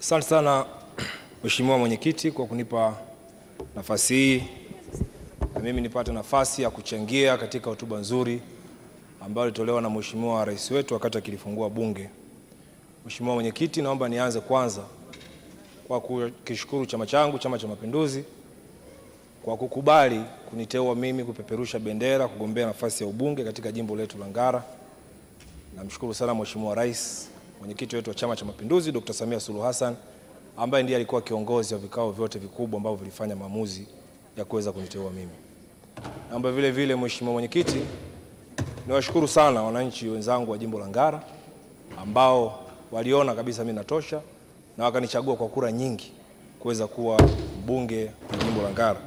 Asante sana Mheshimiwa Mwenyekiti kwa kunipa nafasi hii na mimi nipate nafasi ya kuchangia katika hotuba nzuri ambayo ilitolewa na Mheshimiwa Rais wetu wakati akilifungua Bunge. Mheshimiwa Mwenyekiti, naomba nianze kwanza kwa kukishukuru chama changu, Chama cha Mapinduzi, kwa kukubali kuniteua mimi kupeperusha bendera kugombea nafasi ya ubunge katika jimbo letu la Ngara. Namshukuru sana Mheshimiwa Rais mwenyekiti wetu wa Chama cha Mapinduzi Dr. Samia Suluhu Hassan ambaye ndiye alikuwa kiongozi wa vikao vyote vikubwa ambavyo vilifanya maamuzi ya kuweza kuniteua mimi. Naomba vile vile, mheshimiwa mwenyekiti, niwashukuru sana wananchi wenzangu wa jimbo la Ngara ambao waliona kabisa mimi natosha na wakanichagua kwa kura nyingi kuweza kuwa mbunge wa jimbo la Ngara.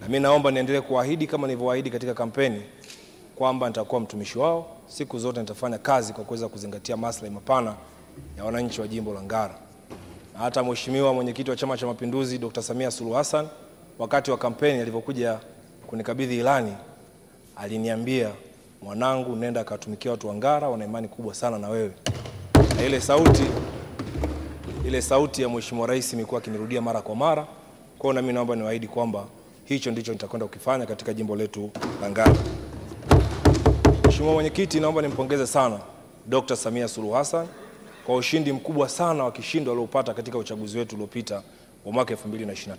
Na mimi naomba niendelee kuahidi kama nilivyoahidi katika kampeni kwamba nitakuwa mtumishi wao siku zote nitafanya kazi kwa kuweza kuzingatia maslahi mapana ya wananchi wa jimbo la Ngara. Na hata Mheshimiwa mwenyekiti wa Chama cha Mapinduzi Dr. Samia Suluhu Hassan wakati wa kampeni alivyokuja kunikabidhi ilani aliniambia, mwanangu, nenda akawatumikia watu wa Ngara, wana imani kubwa sana na wewe. Na ile sauti, ile sauti ya Mheshimiwa Rais imekuwa akinirudia mara kwa mara. kwao na nami naomba niwaahidi kwamba hicho ndicho nitakwenda kukifanya katika jimbo letu la Ngara. Mheshimiwa Mwenyekiti, naomba nimpongeze sana Dr. Samia Suluhu Hassan kwa ushindi mkubwa sana wa kishindo aliopata katika uchaguzi wetu uliopita wa mwaka 2025.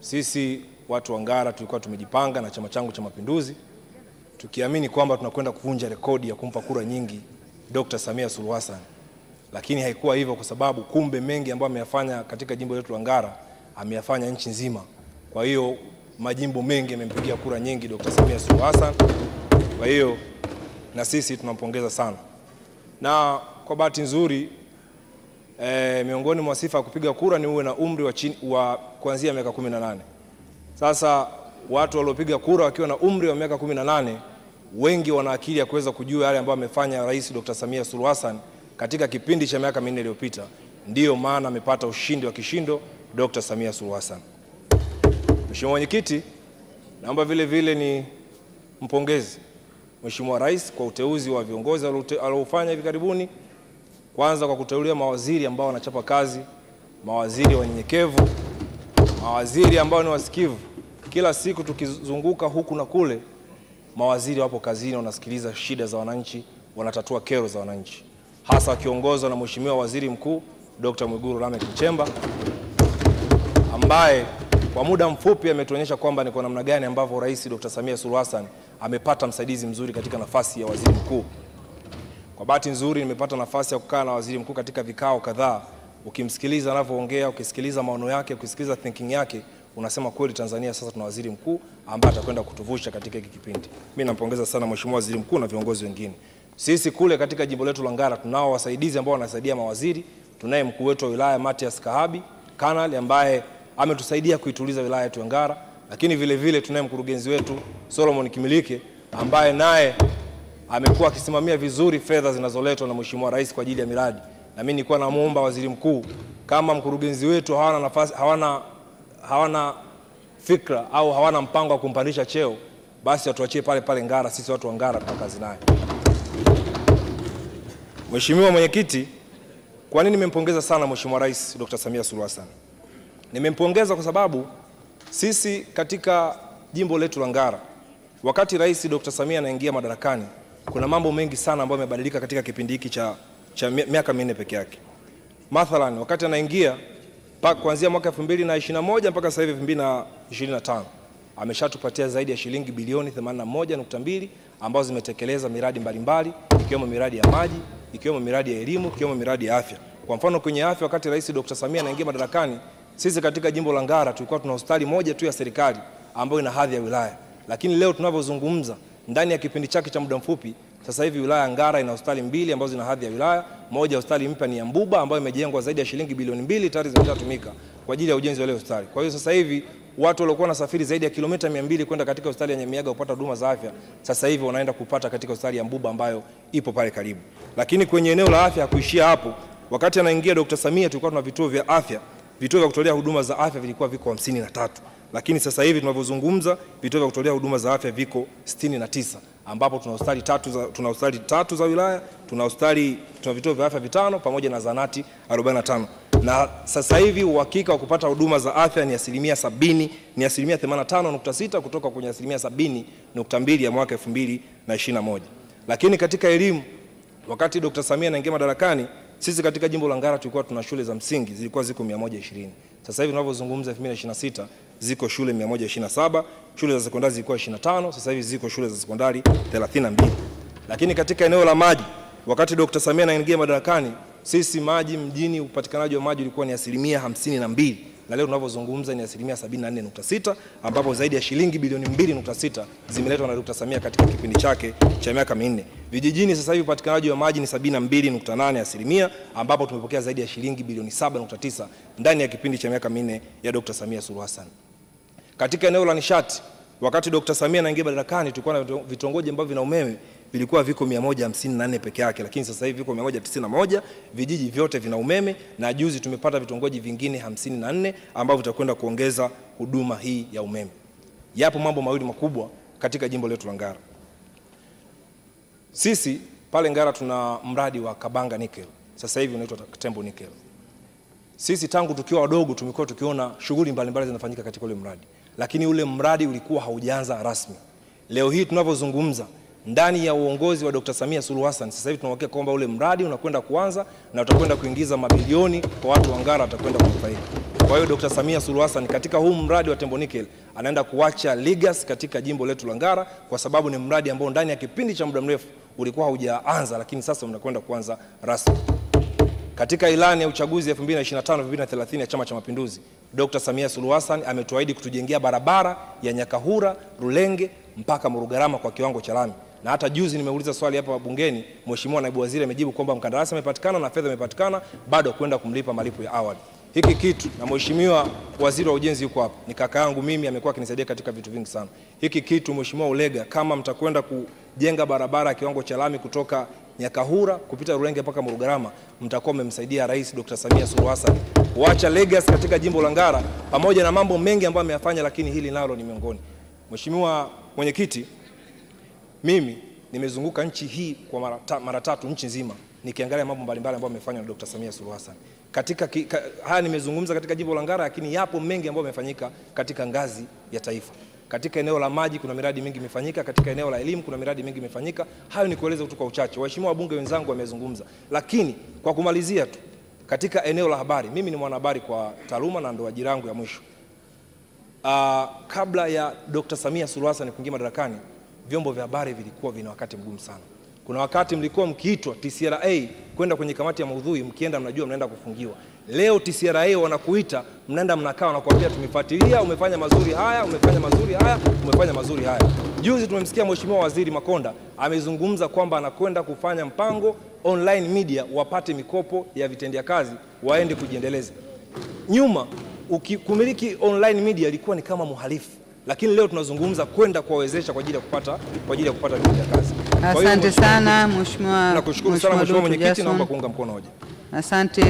Sisi watu wa Ngara tulikuwa tumejipanga na Chama changu cha Mapinduzi tukiamini kwamba tunakwenda kuvunja rekodi ya kumpa kura nyingi Dr. Samia Suluhu Hassan, lakini haikuwa hivyo, kwa sababu kumbe mengi ambayo ameyafanya katika jimbo letu la Ngara ameyafanya nchi nzima. Kwa hiyo majimbo mengi yamempigia kura nyingi Dr. Samia Suluhu Hassan kwa hiyo na sisi tunampongeza sana, na kwa bahati nzuri e, miongoni mwa sifa ya kupiga kura ni uwe na umri wa, chini, wa kuanzia miaka 18. Sasa watu waliopiga kura wakiwa na umri wa miaka 18 wengi wana akili ya kuweza kujua yale ambayo amefanya Rais Dr. Samia Suluhu Hassan katika kipindi cha miaka minne iliyopita. Ndiyo maana amepata ushindi wa kishindo Dr. Samia Suluhu Hassan. Mheshimiwa Mwenyekiti, naomba vile vile ni mpongezi Mheshimiwa Rais kwa uteuzi wa viongozi aliofanya hivi karibuni, kwanza kwa kuteulia mawaziri ambao wanachapa kazi, mawaziri wanyenyekevu, mawaziri ambao ni wasikivu. Kila siku tukizunguka huku na kule, mawaziri wapo kazini, wanasikiliza shida za wananchi, wanatatua kero za wananchi, hasa wakiongozwa na Mheshimiwa Waziri Mkuu Dr. Mwigulu Lameck Nchemba ambaye kwa muda mfupi ametuonyesha kwamba ni kwa namna gani ambavyo Rais Dr. Samia Suluhu Hassan amepata msaidizi mzuri katika nafasi ya waziri mkuu. Kwa bahati nzuri nimepata nafasi ya kukaa na waziri mkuu katika vikao kadhaa. Ukimsikiliza anavyoongea, ukisikiliza maono yake, ukisikiliza thinking yake, unasema kweli Tanzania sasa tuna waziri mkuu ambaye atakwenda kutuvusha katika hiki kipindi. Mimi nampongeza sana Mheshimiwa Waziri Mkuu na viongozi wengine. Sisi kule katika jimbo letu la Ngara tunao wasaidizi ambao wanasaidia mawaziri. Tunaye mkuu wetu wa wilaya Matias Kahabi Kanali ambaye ametusaidia kuituliza wilaya yetu ya Ngara, lakini vile vile tunaye mkurugenzi wetu Solomon Kimilike ambaye naye amekuwa akisimamia vizuri fedha zinazoletwa na Mheshimiwa Rais kwa ajili ya miradi. Na mimi nilikuwa namuomba Waziri Mkuu, kama mkurugenzi wetu hawana nafasi, hawana, hawana fikra au hawana mpango wa kumpandisha cheo, basi atuachie pale pale Ngara. Sisi watu wa Ngara tuna kazi naye. Mheshimiwa Mwenyekiti, kwa nini nimempongeza sana Mheshimiwa Rais Dr. Samia Suluhu Hassan? Nimempongeza kwa sababu sisi katika jimbo letu la Ngara, wakati Rais Dr. Samia anaingia madarakani, kuna mambo mengi sana ambayo yamebadilika katika kipindi hiki cha, cha miaka minne peke yake. Mathalan, wakati anaingia kuanzia mwaka 2021 mpaka sasa hivi 2025 ameshatupatia zaidi ya shilingi bilioni 81.2 ambazo zimetekeleza miradi mbalimbali ikiwemo miradi ya maji, ikiwemo miradi ya elimu, ikiwemo miradi ya afya. Kwa mfano kwenye afya, wakati Rais Dr. Samia anaingia madarakani sisi katika jimbo la Ngara tulikuwa tuna hospitali moja tu ya serikali ambayo ina hadhi ya wilaya, lakini leo tunavyozungumza, ndani ya kipindi chake cha muda mfupi, sasa hivi wilaya ya Ngara ina hospitali mbili ambazo zina hadhi ya wilaya. Moja hospitali mpya ni ya Mbuba ambayo imejengwa zaidi ya shilingi bilioni mbili tayari zimeshatumika kwa ajili ya ujenzi wa ile hospitali. Kwa hiyo sasa hivi watu waliokuwa wanasafiri zaidi ya kilomita 200 kwenda katika hospitali ya Nyamiaga kupata huduma za afya sasa hivi wanaenda kupata katika hospitali ya Mbuba ambayo ipo pale karibu. Lakini kwenye eneo la afya hakuishia hapo. Wakati anaingia Dr. Samia tulikuwa tuna vituo vya afya vituo vya kutolea huduma za afya vilikuwa viko hamsini na tatu lakini sasa hivi tunavyozungumza vituo vya kutolea huduma za afya viko sitini na tisa ambapo tuna hospitali tatu za, tuna hospitali tatu za wilaya tuna hospitali tuna vituo vya afya vitano pamoja na zanati 45 na sasa hivi uhakika wa kupata huduma za afya ni asilimia sabini ni asilimia 85.6 kutoka kwenye asilimia mbili ya mwaka 2021. Lakini katika elimu, wakati Dr. Samia anaingia madarakani sisi katika jimbo la Ngara tulikuwa tuna shule za msingi zilikuwa ziko 120. Sasa hivi tunavyozungumza 2026 ziko shule 127, shule za sekondari zilikuwa 25, sasa hivi ziko shule za sekondari 32. Lakini katika eneo la maji, wakati Dr. Samia anaingia madarakani, sisi maji mjini, upatikanaji wa maji ulikuwa ni asilimia 52 na leo tunavyozungumza ni asilimia 74.6 ambapo zaidi ya shilingi bilioni 2.6 zimeletwa na Dr. Samia katika kipindi chake cha miaka minne. Vijijini sasa hivi upatikanaji wa maji ni 72.8 asilimia, ambapo tumepokea zaidi ya shilingi bilioni 7.9 ndani ya kipindi cha miaka minne ya Dr. Samia Suluhu Hassan. Katika eneo la nishati, wakati Dr. Samia anaingia madarakani, tulikuwa na vitongoji ambavyo vina umeme vilikuwa viko 154 peke yake, lakini sasa hivi viko 191. Vijiji vyote vina umeme na juzi tumepata vitongoji vingine 54 ambavyo vitakwenda kuongeza huduma hii ya umeme. Yapo mambo mawili makubwa katika jimbo letu la Ngara. Sisi pale Ngara tuna mradi wa Kabanga Nickel. Sasa hivi unaitwa Tembo Nickel. Sisi tangu tukiwa wadogo tumekuwa tukiona shughuli mbalimbali zinafanyika katika ule mradi, lakini ule mradi ulikuwa haujaanza rasmi. Leo hii tunavyozungumza ndani ya uongozi wa Dr. Samia Suluhu Hassan. Sasa hivi tunawakia kwamba ule mradi unakwenda kuanza na utakwenda kuingiza mabilioni kwa watu wa Ngara, watakwenda kunufaika. Kwa hiyo Dr. Samia Suluhu Hassan katika huu mradi wa Tembo Nickel anaenda kuacha legacy katika jimbo letu la Ngara, kwa sababu ni mradi ambao ndani ya kipindi cha muda mrefu ulikuwa haujaanza, lakini sasa unakwenda kuanza rasmi. Katika ilani ya uchaguzi 2025 2030 ya Chama cha Mapinduzi, Dr. Samia Suluhu Hassan ametuahidi kutujengea barabara ya Nyakahura Rulenge mpaka Murugarama kwa kiwango cha lami na hata juzi nimeuliza swali hapa bungeni, mheshimiwa naibu waziri amejibu kwamba mkandarasi amepatikana na fedha imepatikana, bado kwenda kumlipa malipo ya awali. Hiki kitu na mheshimiwa waziri wa ujenzi yuko hapa, ni kaka yangu mimi, amekuwa akinisaidia katika vitu vingi sana. Hiki kitu mheshimiwa Ulega, kama mtakwenda kujenga barabara ya kiwango cha lami kutoka Nyakahura kupita Rulenge mpaka Murugarama, mtakuwa mmemsaidia Rais Dr. Samia Suluhu Hassan kuacha legacy katika jimbo la Ngara, pamoja na mambo mengi ambayo ameyafanya, lakini hili nalo ni miongoni. Mheshimiwa Mwenyekiti, mimi nimezunguka nchi hii kwa mara marata, tatu nchi nzima nikiangalia mambo mbalimbali ambayo yamefanywa na Dr. Samia Suluhu Hassan. Katika ka, haya nimezungumza katika jimbo la Ngara, lakini yapo mengi ambayo yamefanyika katika ngazi ya taifa. Katika eneo la maji kuna miradi mingi imefanyika, katika eneo la elimu kuna miradi mingi imefanyika. Hayo ni kueleza tu kwa uchache, waheshimiwa wabunge wenzangu wamezungumza. Lakini kwa kumalizia tu, katika eneo la habari, mimi ni mwanahabari kwa taaluma na ndo ajira yangu ya mwisho. Uh, kabla ya Dr. Samia Suluhu Hassan kuingia madarakani vyombo vya habari vilikuwa vina wakati mgumu sana. Kuna wakati mlikuwa mkiitwa TCRA kwenda kwenye kamati ya maudhui, mkienda mnajua mnaenda kufungiwa. Leo TCRA wanakuita, mnaenda mnakaa, wanakuambia tumefuatilia, umefanya mazuri haya, umefanya mazuri haya, umefanya mazuri haya. Juzi tumemsikia Mheshimiwa Waziri Makonda amezungumza kwamba anakwenda kufanya mpango online media wapate mikopo ya vitendea kazi waende kujiendeleza. Nyuma kumiliki online media ilikuwa ni kama muhalifu lakini leo tunazungumza kwenda kuwawezesha kwa ajili ya kupata kwa ajili ya kupata vya kazi. Asante sana mheshimiwa. Nakushukuru sana mheshimiwa mwenyekiti, naomba kuunga mkono hoja. Asante.